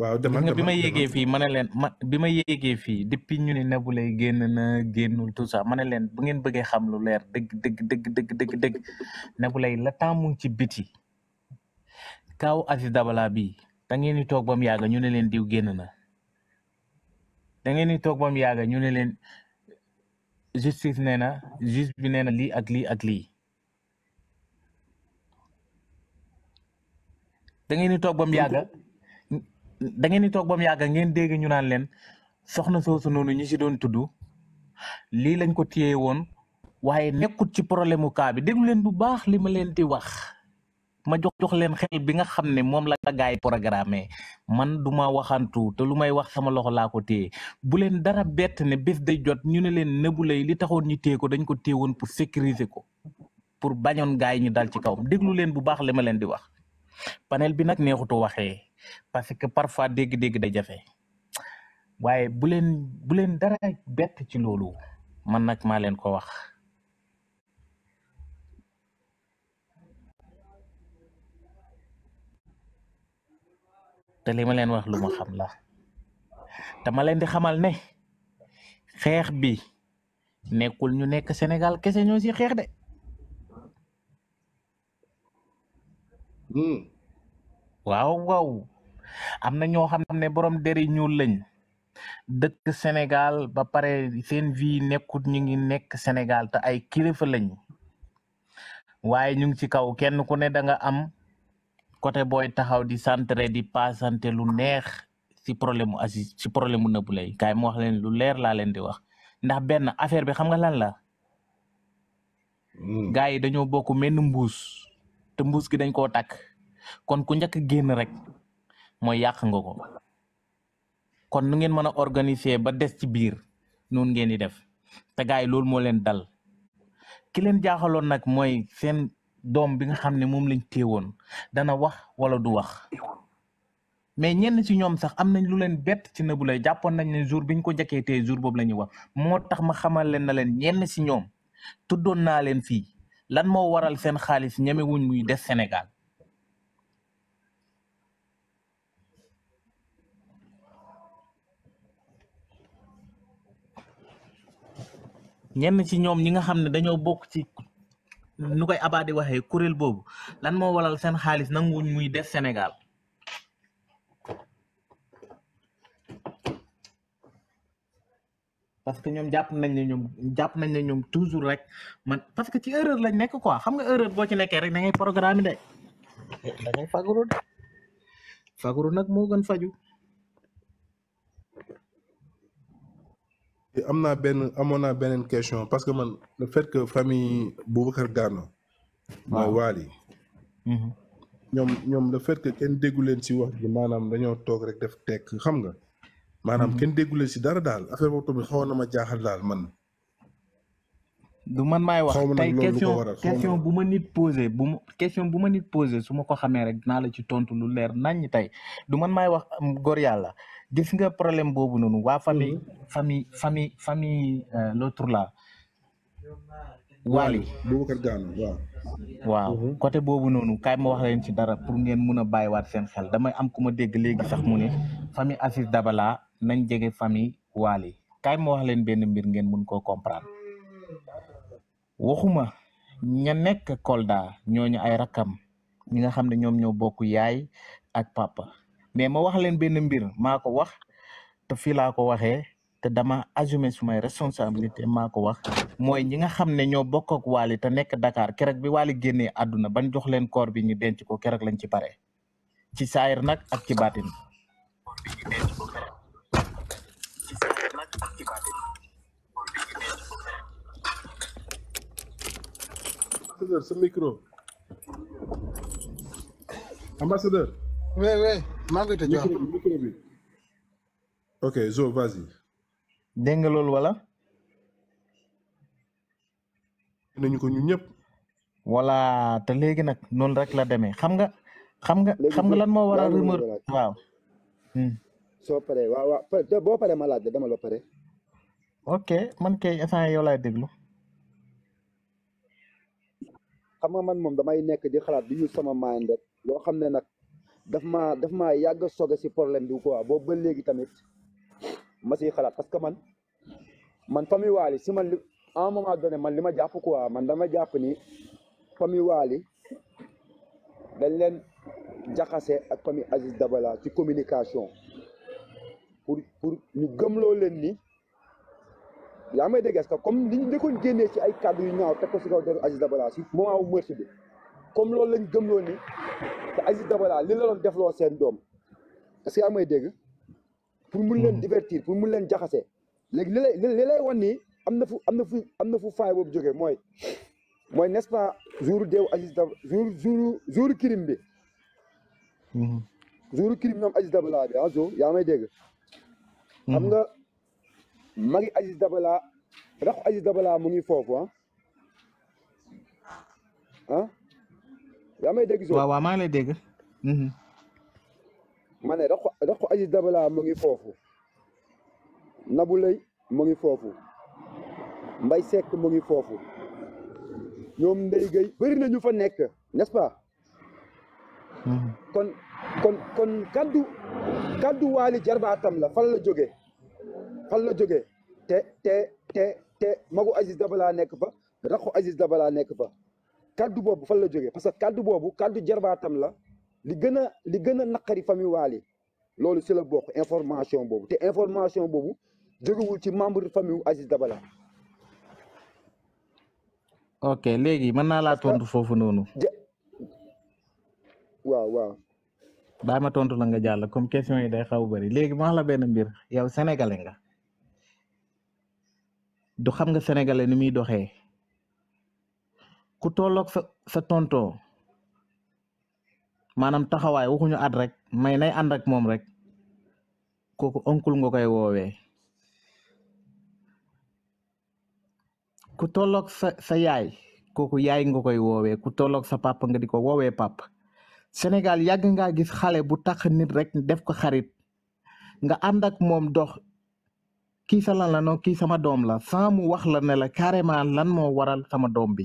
waaw dama bi ma yéegee fii ma ne leen ma bi ma yéegee fii depuis ñu ni Nabou Leye génn na génnul tout ça ma ne leen bu ngeen bëggee xam lu leer dëgg dëgg dëgg dëgg dëgg dëgg la temps mu ngi ci biti kaw Aziz Dabala bi da ngeen di toog ba mu yàgg ñu ne leen diw génn na da ngeen di toog yàgg ñu ne leen justice nee na juge bi nee na lii ak lii ak lii da ngeen ni toog ba mu yàgg da ngeen di toog ba mu yàgg ngeen dégg ñu naan leen soxna soosu noonu ñi si doon tudd lii lañ ko téye woon waaye nekkut ci problème mu kaa bi déglu leen bu baax li ma leen di wax ma jox jox leen xel bi nga xam ne moom la ko gaay programme man du ma waxantu te lu may wax sama loxo laa ko téye bu leen dara bett ne bés de jot ñu ne leen Nabou Leye li taxoon ñu téye ko dañ ko téye woon pour sécuriser ko pour bañoon gaay ñu daal ci kaw déglu leen bu baax li ma leen di wax panel bi nag neexutoo waxee. parce que parfois dégg-dégg day jafe waaye buleen leen bu leen dara bett ci loolu man nag maa leen ko wax te li ma leen wax lu ma xam la dama leen di xamal ne xeex bi nekkul ñu nekk Sénégal kese ñoo si xeex de. Hmm. waaw waaw am na ñoo borom deri ñuul lañ dekk senegal ba pare seen vi nekkut ñu ngi nekk senegal ta ay kilifa lañ waye ñu ngi ci kaw kenn ku ne da nga am côté boy taxaw di centré di passanté lu neex ci problème si ci problème mu kay mo wax len lu leer la len di wax ndax ben affaire bi xam nga lan la hmm. gaay yi dañoo bokku menn mbuus te mbuus gi dañ ko tak kon ku njëkk génn rek mooy yàq nga ko kon nu ngeen mën a organiser ba des ci biir noonu ngeen di def te gars yi loolu moo leen dal ki leen jaaxaloon nag mooy seen doom bi nga xam ne moom lañ téewoon dana wax wala du wax mais ñenn ci ñoom sax am nañ lu leen bett ci na Leye jàppoon nañ ne jour biñ ko njëkkee tey boobu la ñuy wax moo tax ma xamal leen na leen ñenn ci ñoom tuddoon naa leen fii lan moo waral seen xaalis ñemewuñ muy des Sénégal. ñenn ci ñoom ñi nga xam ne dañoo bokk ci nu koy abaadi waxee kuréel boobu lan moo waral seen xaalis nanguwuñ muy des Sénégal parce que ñoom jàpp nañ ne ñoom jàpp nañ ne ñoom toujours rek man parce que ci erreur lañ nekk quoi xam nga erreur boo ci nekkee rek da ngay programme de da ngay nag moo gën faju am naa benn amoon naa beneen question parce que man le fait que famille Boubacar Gano. waaw mooy waal yi. ñoom ñoom le fait que kenn déggu leen si wax ji maanaam dañoo toog rek def tekk xam nga. maanaam mhm. kenn déggu leen si dara daal affaire boobu tamit xawoon na ma jaaxal daal man. du man maay wax tey question bu ma nit posé bu ma question bu ma nit posé su ma ko xamee rek dinaa la ci tontu lu leer naññ tey du man maay wax mm, gor yàlla. gis nga problème boobu noonu waa famille mhm. famille famille famille euh, l'autre là Wally waaw waaw mhm. côté boobu noonu kaay ma wax leen ci dara pour ngeen mun a bàyyiwaat seen xel damay am ku ma dégg léegi sax mu ne famille Aziz Dabala nañ jege famille Wally kaay ma wax leen benn mbir ngeen mun koo comprendre waxuma ña nekk Kolda ñooñu ay rakam ñi nga xam ne ñoom ñoo bokk yaay ak papa mais ma wax len ben mbir mako wax te fi la ko waxe te dama assumer sumay responsabilité mako wax moy ñi nga xamne ño bokk ak wali te nek Dakar keroog bi wali génnee aduna ban jox len koor bi ñu denc ko keroog lañ ci paré ci sayr nak ak ci batin ambassadeur oui oui maa ngi koy ok zo vas-y. dégg nga loolu wala. nañu ko ñun ñëpp. voilà te léegi nag noonu rek la demee xam nga. xam nga xam nga lan moo waral rumeur waaw. Hmm. soo paree waaw waaw boo pare ma laaj dama la pare. ok man kay instant yow laay déglu. xam nga man moom damay nekk di xalaat di use sama mind rek loo xam ne na daf maa daf ma yàgg a soge si problème bi quoi boobu ba léegi tamit ma siy xalaat parce que man man famille Waly si man li à un moment donné man li ma jàpp quoi man dama jàpp ni famille Waly dañ leen jaxase ak famille Aziz Dabala ci communication pour pour ñu gëm gëmloo leen ni yaa may dégg a ce que comme li ñu dëkkoon génnee ci ay kàddu yu ñaaw teg si kaw deru Aziz Dabala si moment wu meurtre bi comme loolu lañ gëmloo ni te Aziz Dabala li la doon defloo seen doom est-ce que yaa may dégg pour mu leen hmm. divertir pour mun leen jaxase léegi li lay li lay am na fu am na fu am na fu faay boobu jógee mooy mooy n'est-ce pas jour deewu Aziz Dabala jour jour jour bi hmm. jour crime ñoom Aziz Dabala bi ah yaa may dégg hmm. xam nga magi Aziz Dabala raxu Aziz Dabala mu ngi foofu ah, ah. yaa may dégg. waaw waaw maa ngi lay dégg. Mhm. ma ne Rokh Rokh Aziz Dabala mu ngi foofu Nabou Leye mu ngi foofu mbay Seck mu ngi foofu ñoom Ndeye Gueye bëri na ñu fa nekk nest mhm. kon kon kon kaddu kaddu waali jarbaatam la fan la jóge fan la jóge te te te te Magu Aziz Dabala nekk fa Rokh Aziz Dabala nekk ba kaddu boobu fan la jógee parce que kaddu boobu kaddu jarbaatam la li gën a li gën a naqari famille Wally loolu si la bokk information boobu te information boobu jógewul ci membre famille Aziz Dabala. ok léegi mën naa laa tontu foofu noonu. waaw waaw. bàyyi ma tontu la nga jàll comme question yi day xaw bari léegi ma wax benn mbir yow sénégalais nga du xam nga sénégalais ni muy doxee. ku tolloog fa sa tonto maanaam taxawaay waxuñu at rek may nay ànd ak moom rek kooku onkul nga koy woowee ku tolloog sa sa yaay kooku yaay nga koy woowee ku tolloog sa papa nga di ko woowee papa Sénégal yàgg ngaa gis xale bu tax nit rek def ko xarit nga ànd ak moom dox kii sa lan la non kii sama doom la sans mu wax la ne la carrément lan moo waral sama doom bi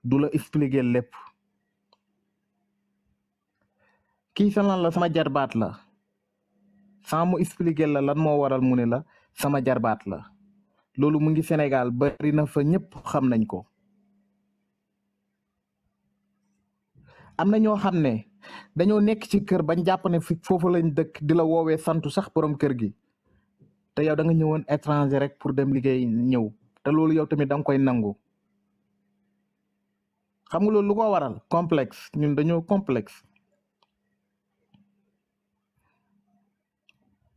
dula expliquer lepp ki sa lan la sama jarbat la sa mu expliquer la lan mo waral mune la sama jarbat la lolou mu ngi senegal bari na fa ñepp xam nañ ko amna ño xamne dañu ne nekk ci kër bañ japp ne fi foofu lañ dëkk dila wowe santu sax borom kër gi te yow da nga ñëwoon étranger rek pour dem liggéey ñëw te lolou yow tamit dang koy nangu xam nga loolu lu ko waral complexe ñun dañoo complexe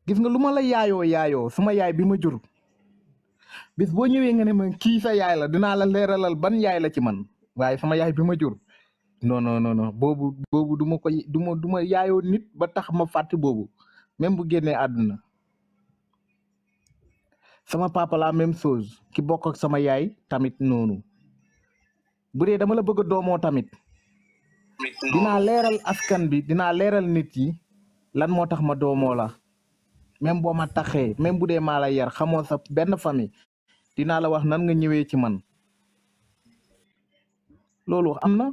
gis nga lu ma la yaayoo yaayoo sama yaay bi ma jur bis boo ñëwee nga ne ma kii sa yaay la dinaa la leeralal ban yaay la ci man waaye sama yaay bi ma jur non non non non boobu boobu du ma ko du nit ba tax ma fàtte boobu même bu génnee àdduna sama papa la même chose ki bokk ak sama yaay tamit noonu. bu dama la bëgg doomo tamit dina leral askan bi dina leral nit yi lan mo tax ma doomo la même bo ma taxé même bu ma la yar xamoo sa benn famille dina la wax nan nga ñëwé ci man loolu amna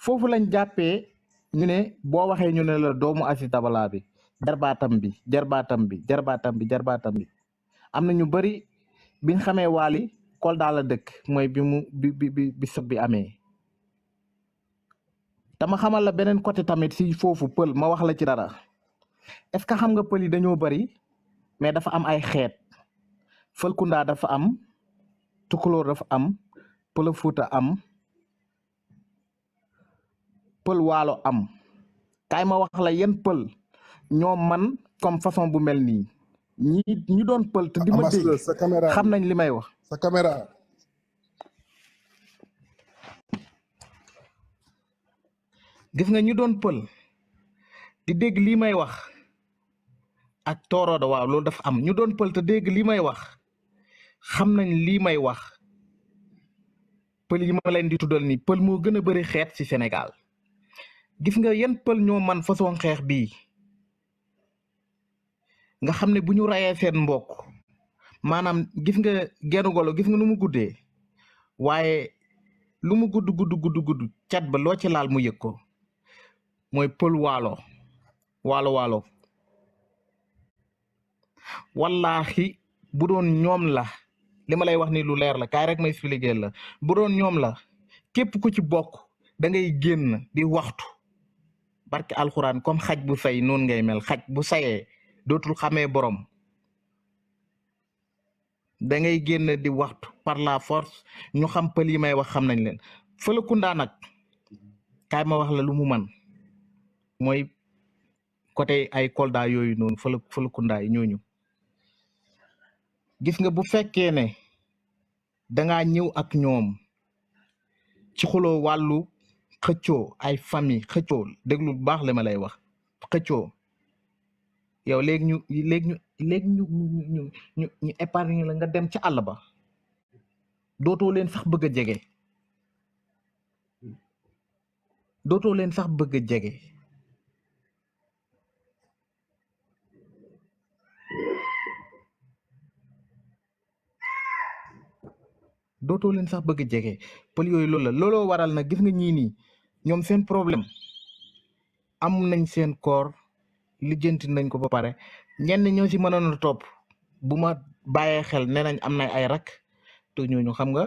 fofu lañ jàppee ñu né bo waxé ñu né la doomu Aziz tabala bi jarbaatam bi bi bi bi amna ñu bari biñ xamé wali daal la dëkk mooy bi mu bi bi bi sëb bi amee dama xamal la beneen côté tamit si foofu pël ma wax la ci dara est ce que xam nga pël yi dañoo bari mais dafa am ay xeet Fëlkunda dafa am Tukulóor dafa am Pël Fuuta am Pël Waalo am kaay ma wax la pël ñoo man comme façon bu mel nii. ñi ñu doon pël te di xam nañ li may wax sa caméra gis nga ñu doon pël di dégg lii may wax ak tooroodo waaw loolu dafa am ñu doon pël te dégg lii may wax xam nañ lii may wax pël yi ma leen di tuddal nii pël moo gën a bëri xeet ci Sénégal gis nga yan pël ñoo man façon xeex bii nga xam ne bu ñu rayee seen mbokk maanaam gis nga genn golo gis nga nu mu guddee waaye lu mu gudd gudd gudd gudd cat ba loo ci laal mu yëg ko mooy pël waalo waalo waalo wallaahi bu doon ñoom la li lay wax ni lu leer la kaay rek may expliqué la bu doon ñoom la képp ku ci bokk da ngay génn di waxtu barke alxuraan comme xaj bu say noonu ngay mel xaj bu sayee dootul xamee borom da ngay génn di waxtu par la force ñu xam pël yi may wax xam nañ leen Fëlëkunda nag kaay ma wax la lu mu man mooy côté ay Kolda yooyu noonu fële Fëlëkunda yi gis nga bu fekkee ne dangaa ñëw ak ñoom ci xuloo wàllu xëccoo ay famille xëccoo déglu bu baax li ma lay wax xëccoo yow léegi ñu léeg ñu ñu ñu ñu ñu épargne la nga dem ca àll ba dootoo leen sax bëgg a jege dootoo leen sax bëgg a jege dootoo leen sax bëgg jege pël yooyu loolu looloo waral na gis nga ñii nii ñoom seen problème am nañ seen koor lijjanti nañ ko ba pare ñenn ñoo ci mënoon a topp bu ma bàyyee xel nee nañ am na ay rak te xam nga